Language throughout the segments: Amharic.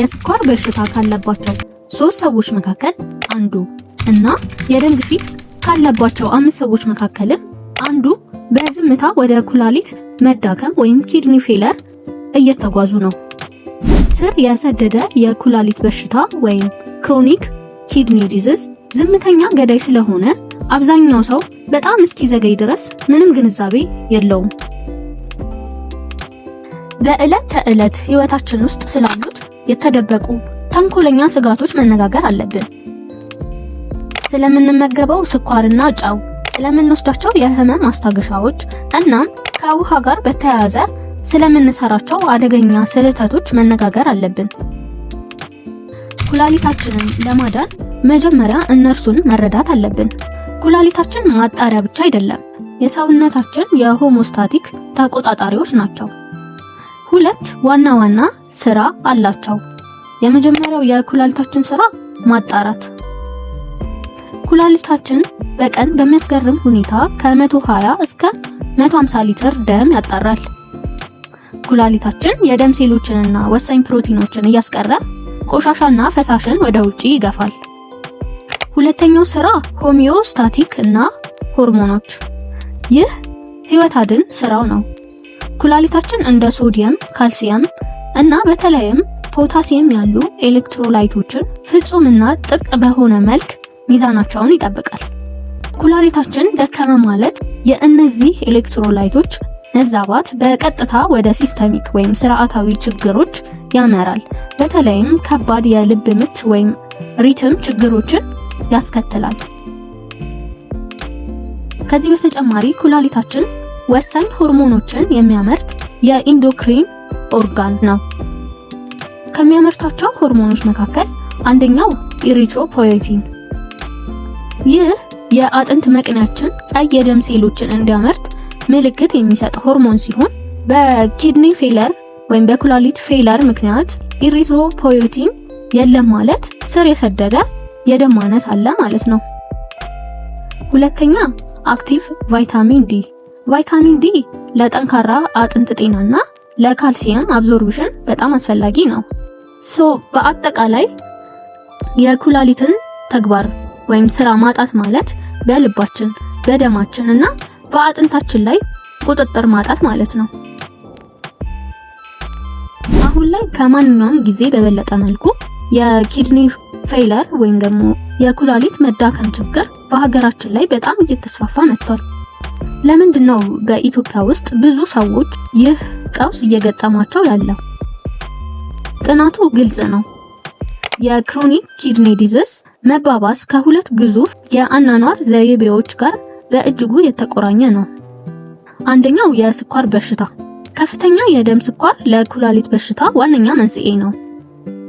የስኳር በሽታ ካለባቸው ሶስት ሰዎች መካከል አንዱ እና የደም ግፊት ካለባቸው አምስት ሰዎች መካከልም አንዱ በዝምታ ወደ ኩላሊት መዳከም ወይም ኪድኒ ፌለር እየተጓዙ ነው። ስር የሰደደ የኩላሊት በሽታ ወይም ክሮኒክ ኪድኒ ዲዝዝ ዝምተኛ ገዳይ ስለሆነ አብዛኛው ሰው በጣም እስኪዘገይ ድረስ ምንም ግንዛቤ የለውም። በዕለት ተዕለት ህይወታችን ውስጥ ስላሉት የተደበቁ ተንኮለኛ ስጋቶች መነጋገር አለብን። ስለምንመገበው ስኳርና ጨው፣ ስለምንወስዳቸው የህመም ማስታገሻዎች እናም ከውሃ ጋር በተያያዘ ስለምንሰራቸው አደገኛ ስህተቶች መነጋገር አለብን። ኩላሊታችንን ለማዳን መጀመሪያ እነርሱን መረዳት አለብን። ኩላሊታችን ማጣሪያ ብቻ አይደለም፣ የሰውነታችን የሆሞስታቲክ ተቆጣጣሪዎች ናቸው። ሁለት ዋና ዋና ስራ አላቸው። የመጀመሪያው የኩላሊታችን ስራ ማጣራት። ኩላሊታችን በቀን በሚያስገርም ሁኔታ ከ120 እስከ 150 ሊትር ደም ያጣራል። ኩላሊታችን የደም ሴሎችንና ወሳኝ ፕሮቲኖችን እያስቀረ ቆሻሻና ፈሳሽን ወደ ውጪ ይገፋል። ሁለተኛው ስራ ሆሚዮስታቲክ እና ሆርሞኖች። ይህ ህይወት አድን ስራው ነው። ኩላሊታችን እንደ ሶዲየም፣ ካልሲየም እና በተለይም ፖታሲየም ያሉ ኤሌክትሮላይቶችን ፍጹምና ጥብቅ በሆነ መልክ ሚዛናቸውን ይጠብቃል። ኩላሊታችን ደከመ ማለት የእነዚህ ኤሌክትሮላይቶች መዛባት በቀጥታ ወደ ሲስተሚክ ወይም ስርዓታዊ ችግሮች ያመራል። በተለይም ከባድ የልብ ምት ወይም ሪትም ችግሮችን ያስከትላል። ከዚህ በተጨማሪ ኩላሊታችን ወሳኝ ሆርሞኖችን የሚያመርት የኢንዶክሪን ኦርጋን ነው። ከሚያመርታቸው ሆርሞኖች መካከል አንደኛው ኢሪትሮፖዮቲን ይህ የአጥንት መቅንያችን ቀይ የደም ሴሎችን እንዲያመርት ምልክት የሚሰጥ ሆርሞን ሲሆን በኪድኒ ፌለር ወይም በኩላሊት ፌለር ምክንያት ኢሪትሮፖዮቲን የለም ማለት ስር የሰደደ የደም ማነስ አለ ማለት ነው። ሁለተኛ አክቲቭ ቫይታሚን ዲ ቫይታሚን ዲ ለጠንካራ አጥንት ጤናና ለካልሲየም አብዞርብሽን በጣም አስፈላጊ ነው። ሶ በአጠቃላይ የኩላሊትን ተግባር ወይም ስራ ማጣት ማለት በልባችን በደማችን እና በአጥንታችን ላይ ቁጥጥር ማጣት ማለት ነው። አሁን ላይ ከማንኛውም ጊዜ በበለጠ መልኩ የኪድኒ ፌለር ወይም ደግሞ የኩላሊት መዳከም ችግር በሀገራችን ላይ በጣም እየተስፋፋ መጥቷል። ለምንድን ነው በኢትዮጵያ ውስጥ ብዙ ሰዎች ይህ ቀውስ እየገጠማቸው ያለው? ጥናቱ ግልጽ ነው። የክሮኒክ ኪድኒ ዲዚዝ መባባስ ከሁለት ግዙፍ የአናኗር ዘይቤዎች ጋር በእጅጉ የተቆራኘ ነው። አንደኛው የስኳር በሽታ፣ ከፍተኛ የደም ስኳር ለኩላሊት በሽታ ዋነኛ መንስኤ ነው።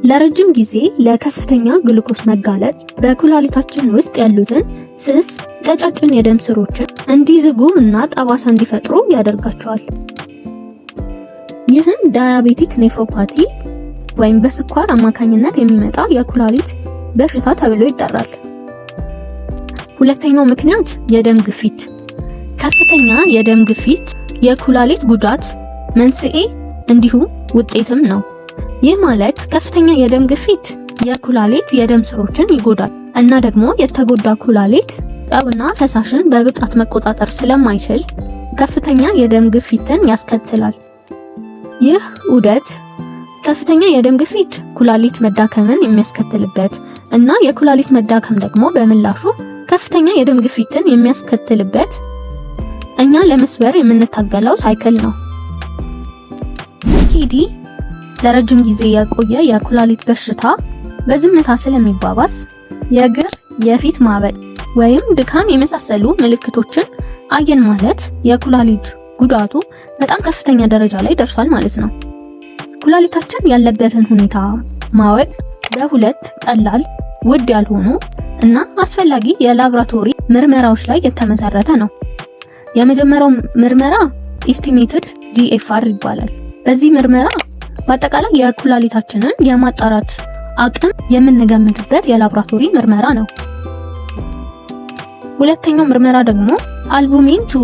ለረጅም ጊዜ ለከፍተኛ ግሉኮስ መጋለጥ በኩላሊታችን ውስጥ ያሉትን ስስ ቀጫጭን የደም ስሮችን እንዲዝጉ እና ጠባሳ እንዲፈጥሩ ያደርጋቸዋል። ይህም ዳያቤቲክ ኔፍሮፓቲ ወይም በስኳር አማካኝነት የሚመጣ የኩላሊት በሽታ ተብሎ ይጠራል። ሁለተኛው ምክንያት የደም ግፊት። ከፍተኛ የደም ግፊት የኩላሊት ጉዳት መንስኤ እንዲሁም ውጤትም ነው። ይህ ማለት ከፍተኛ የደም ግፊት የኩላሊት የደም ስሮችን ይጎዳል እና ደግሞ የተጎዳ ኩላሊት ጠብና ፈሳሽን በብቃት መቆጣጠር ስለማይችል ከፍተኛ የደም ግፊትን ያስከትላል። ይህ ዑደት ከፍተኛ የደም ግፊት ኩላሊት መዳከምን የሚያስከትልበት እና የኩላሊት መዳከም ደግሞ በምላሹ ከፍተኛ የደም ግፊትን የሚያስከትልበት እኛ ለመስበር የምንታገለው ሳይክል ነው። ቲዲ ለረጅም ጊዜ የቆየ የኩላሊት በሽታ በዝምታ ስለሚባባስ የእግር የፊት ማበጥ ወይም ድካም የመሳሰሉ ምልክቶችን አየን ማለት የኩላሊት ጉዳቱ በጣም ከፍተኛ ደረጃ ላይ ደርሷል ማለት ነው። ኩላሊታችን ያለበትን ሁኔታ ማወቅ በሁለት ቀላል፣ ውድ ያልሆኑ እና አስፈላጊ የላብራቶሪ ምርመራዎች ላይ የተመሰረተ ነው። የመጀመሪያው ምርመራ ኢስቲሜትድ ጂኤፍአር ይባላል። በዚህ ምርመራ በአጠቃላይ የኩላሊታችንን የማጣራት አቅም የምንገምትበት የላብራቶሪ ምርመራ ነው። ሁለተኛው ምርመራ ደግሞ አልቡሚን ቱ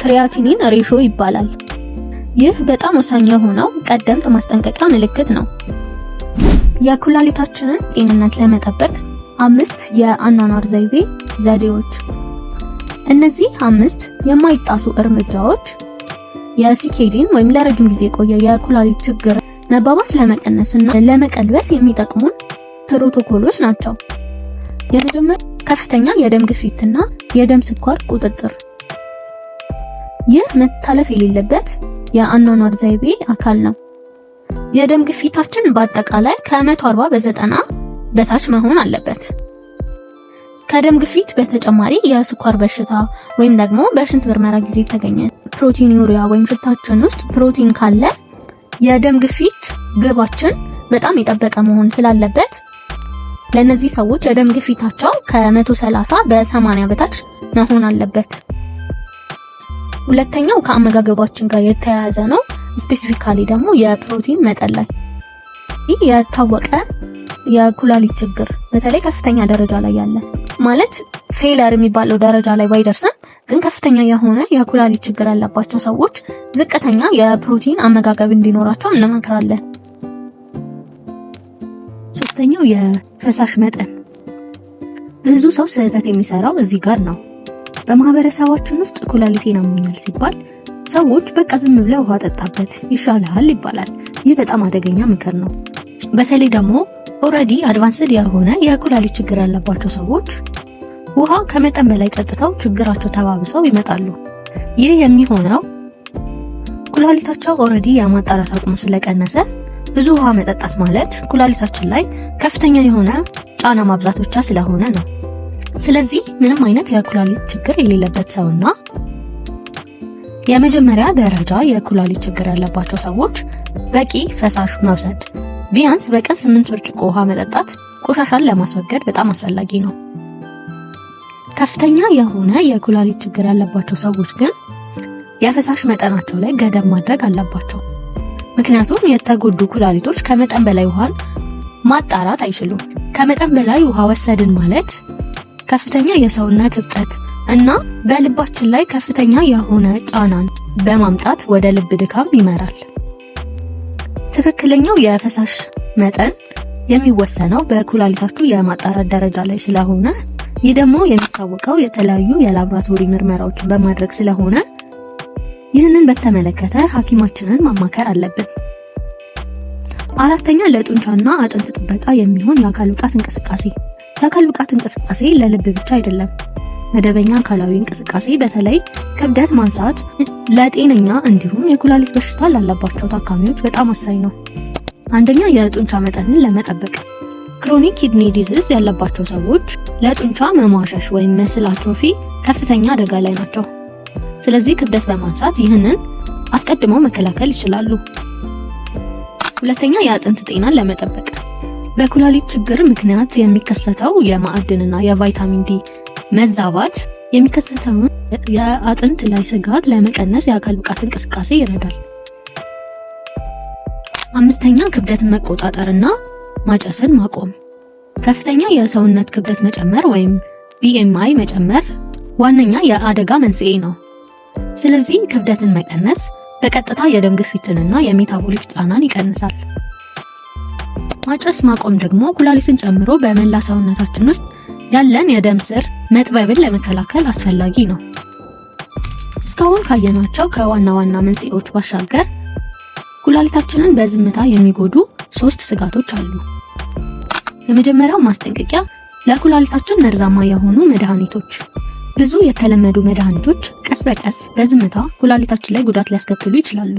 ክሪያቲኒን ሬሾ ይባላል። ይህ በጣም ወሳኝ የሆነው ቀደምት ማስጠንቀቂያ ምልክት ነው። የኩላሊታችንን ጤንነት ለመጠበቅ አምስት የአኗኗር ዘይቤ ዘዴዎች። እነዚህ አምስት የማይጣሱ እርምጃዎች የሲኬዲን ወይም ለረጅም ጊዜ የቆየ የኩላሊት ችግር መባባስ ለመቀነስና ለመቀልበስ የሚጠቅሙን ፕሮቶኮሎች ናቸው። የመጀመሪያ ከፍተኛ የደም ግፊትና የደም ስኳር ቁጥጥር። ይህ መታለፍ የሌለበት የአኗኗር ዘይቤ አካል ነው። የደም ግፊታችን በአጠቃላይ ከ140 በዘጠና በታች መሆን አለበት። ከደም ግፊት በተጨማሪ የስኳር በሽታ ወይም ደግሞ በሽንት ምርመራ ጊዜ የተገኘ ዩሪያ ወይም ሽንታችን ውስጥ ፕሮቲን ካለ የደም ግፊት ግባችን በጣም የጠበቀ መሆን ስላለበት ለእነዚህ ሰዎች የደም ግፊታቸው ከ130 በ80 በታች መሆን አለበት። ሁለተኛው ከአመጋገባችን ጋር የተያያዘ ነው። ስፔሲፊካሊ ደግሞ የፕሮቲን መጠን ላይ ይህ የታወቀ የኩላሊት ችግር በተለይ ከፍተኛ ደረጃ ላይ ያለ ማለት ፌለር የሚባለው ደረጃ ላይ ባይደርስም ግን ከፍተኛ የሆነ የኩላሊት ችግር ያለባቸው ሰዎች ዝቅተኛ የፕሮቲን አመጋገብ እንዲኖራቸው እንመክራለን። ሶስተኛው የፈሳሽ መጠን። ብዙ ሰው ስህተት የሚሰራው እዚህ ጋር ነው። በማህበረሰባችን ውስጥ ኩላሊቴን አሞኛል ሲባል ሰዎች በቃ ዝም ብለ ውሃ ጠጣበት ይሻልሃል ይባላል። ይህ በጣም አደገኛ ምክር ነው። በተለይ ደግሞ ኦልሬዲ አድቫንስድ የሆነ የኩላሊት ችግር ያለባቸው ሰዎች ውሃ ከመጠን በላይ ጠጥተው ችግራቸው ተባብሰው ይመጣሉ። ይህ የሚሆነው ኩላሊታቸው ኦልሬዲ የማጣራት አቅሙ ስለቀነሰ ብዙ ውሃ መጠጣት ማለት ኩላሊታችን ላይ ከፍተኛ የሆነ ጫና ማብዛት ብቻ ስለሆነ ነው። ስለዚህ ምንም አይነት የኩላሊት ችግር የሌለበት ሰውና የመጀመሪያ ደረጃ የኩላሊት ችግር ያለባቸው ሰዎች በቂ ፈሳሽ መውሰድ ቢያንስ በቀን ስምንት ብርጭቆ ውሃ መጠጣት ቆሻሻን ለማስወገድ በጣም አስፈላጊ ነው። ከፍተኛ የሆነ የኩላሊት ችግር ያለባቸው ሰዎች ግን የፈሳሽ መጠናቸው ላይ ገደብ ማድረግ አለባቸው። ምክንያቱም የተጎዱ ኩላሊቶች ከመጠን በላይ ውሃን ማጣራት አይችሉም። ከመጠን በላይ ውሃ ወሰድን ማለት ከፍተኛ የሰውነት እብጠት እና በልባችን ላይ ከፍተኛ የሆነ ጫናን በማምጣት ወደ ልብ ድካም ይመራል። ትክክለኛው የፈሳሽ መጠን የሚወሰነው በኩላሊታችሁ የማጣራት ደረጃ ላይ ስለሆነ ይህ ደግሞ የሚታወቀው የተለያዩ የላብራቶሪ ምርመራዎችን በማድረግ ስለሆነ ይህንን በተመለከተ ሐኪማችንን ማማከር አለብን። አራተኛ ለጡንቻና አጥንት ጥበቃ የሚሆን የአካል ብቃት እንቅስቃሴ። የአካል ብቃት እንቅስቃሴ ለልብ ብቻ አይደለም፣ መደበኛ አካላዊ እንቅስቃሴ በተለይ ክብደት ማንሳት ለጤነኛ እንዲሁም የኩላሊት በሽታ ላለባቸው ታካሚዎች በጣም ወሳኝ ነው። አንደኛ የጡንቻ መጠንን ለመጠበቅ ክሮኒክ ኪድኒ ዲዚዝ ያለባቸው ሰዎች ለጡንቻ መሟሸሽ ወይም መስል አትሮፊ ከፍተኛ አደጋ ላይ ናቸው። ስለዚህ ክብደት በማንሳት ይህንን አስቀድመው መከላከል ይችላሉ። ሁለተኛ የአጥንት ጤናን ለመጠበቅ በኩላሊት ችግር ምክንያት የሚከሰተው የማዕድንና የቫይታሚን ዲ መዛባት የሚከሰተውን የአጥንት ላይ ስጋት ለመቀነስ የአካል ብቃት እንቅስቃሴ ይረዳል። አምስተኛ ክብደትን መቆጣጠርና ማጨስን ማቆም። ከፍተኛ የሰውነት ክብደት መጨመር ወይም ቢኤምአይ መጨመር ዋነኛ የአደጋ መንስኤ ነው። ስለዚህ ክብደትን መቀነስ በቀጥታ የደም ግፊትንና የሜታቦሊክ ጫናን ይቀንሳል። ማጨስ ማቆም ደግሞ ኩላሊትን ጨምሮ በመላ ሰውነታችን ውስጥ ያለን የደም ስር መጥበብን ለመከላከል አስፈላጊ ነው። እስካሁን ካየናቸው ከዋና ዋና መንስኤዎች ባሻገር ኩላሊታችንን በዝምታ የሚጎዱ ሶስት ስጋቶች አሉ። የመጀመሪያው ማስጠንቀቂያ ለኩላሊታችን መርዛማ የሆኑ መድኃኒቶች። ብዙ የተለመዱ መድኃኒቶች ቀስ በቀስ በዝምታ ኩላሊታችን ላይ ጉዳት ሊያስከትሉ ይችላሉ።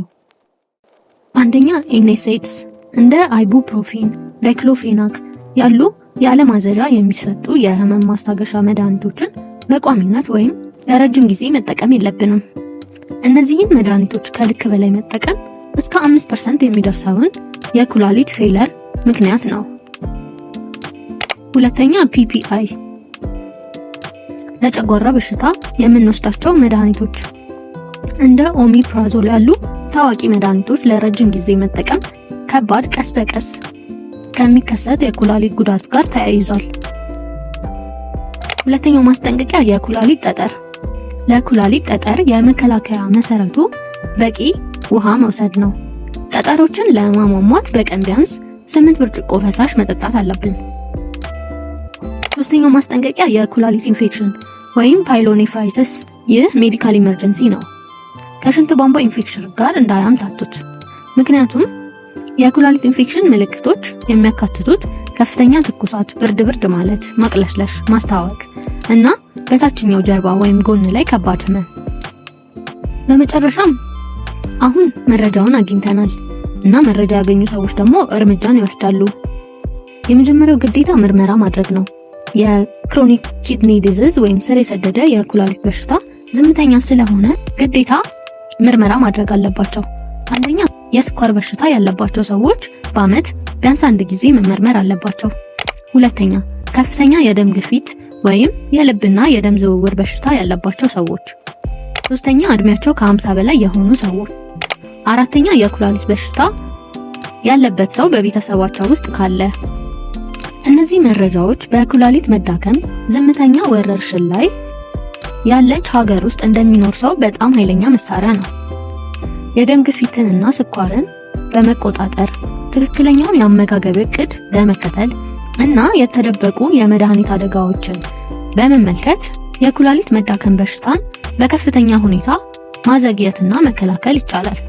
አንደኛ ኤንኤስኤድስ እንደ አይቡፕሮፊን፣ ዳይክሎፌናክ ያሉ ያለማዘዣ የሚሰጡ የህመም ማስታገሻ መድኃኒቶችን በቋሚነት ወይም ለረጅም ጊዜ መጠቀም የለብንም። እነዚህን መድኃኒቶች ከልክ በላይ መጠቀም እስከ 5% የሚደርሰውን የኩላሊት ፌለር ምክንያት ነው። ሁለተኛ ፒፒአይ፣ ለጨጓራ በሽታ የምንወስዳቸው መድኃኒቶች እንደ ኦሚፕራዞል ያሉ ታዋቂ መድኃኒቶች ለረጅም ጊዜ መጠቀም ከባድ ቀስ በቀስ ከሚከሰት የኩላሊት ጉዳት ጋር ተያይዟል። ሁለተኛው ማስጠንቀቂያ የኩላሊት ጠጠር። ለኩላሊት ጠጠር የመከላከያ መሰረቱ በቂ ውሃ መውሰድ ነው። ጠጠሮችን ለማሟሟት በቀን ቢያንስ ስምንት ብርጭቆ ፈሳሽ መጠጣት አለብን። ሶስተኛው ማስጠንቀቂያ የኩላሊት ኢንፌክሽን ወይም ፓይሎኔፍራይተስ። ይህ ሜዲካል ኢመርጀንሲ ነው። ከሽንት ቧንቧ ኢንፌክሽን ጋር እንዳያምታቱት ምክንያቱም የኩላሊት ኢንፌክሽን ምልክቶች የሚያካትቱት ከፍተኛ ትኩሳት፣ ብርድ ብርድ ማለት፣ ማቅለሽለሽ፣ ማስታወክ እና በታችኛው ጀርባ ወይም ጎን ላይ ከባድ ህመም። በመጨረሻም አሁን መረጃውን አግኝተናል እና መረጃ ያገኙ ሰዎች ደግሞ እርምጃን ይወስዳሉ። የመጀመሪያው ግዴታ ምርመራ ማድረግ ነው። የክሮኒክ ኪድኒ ዲዚዝ ወይም ስር የሰደደ የኩላሊት በሽታ ዝምተኛ ስለሆነ ግዴታ ምርመራ ማድረግ አለባቸው። አንደኛ የስኳር በሽታ ያለባቸው ሰዎች በአመት ቢያንስ አንድ ጊዜ መመርመር አለባቸው። ሁለተኛ፣ ከፍተኛ የደም ግፊት ወይም የልብና የደም ዝውውር በሽታ ያለባቸው ሰዎች። ሶስተኛ፣ እድሜያቸው ከ50 በላይ የሆኑ ሰዎች። አራተኛ፣ የኩላሊት በሽታ ያለበት ሰው በቤተሰባቸው ውስጥ ካለ። እነዚህ መረጃዎች በኩላሊት መዳከም ዝምተኛ ወረርሽኝ ላይ ያለች ሀገር ውስጥ እንደሚኖር ሰው በጣም ኃይለኛ መሳሪያ ነው። የደም ግፊትንና ስኳርን በመቆጣጠር ትክክለኛውን የአመጋገብ እቅድ በመከተል እና የተደበቁ የመድኃኒት አደጋዎችን በመመልከት የኩላሊት መዳከም በሽታን በከፍተኛ ሁኔታ ማዘግየትና መከላከል ይቻላል።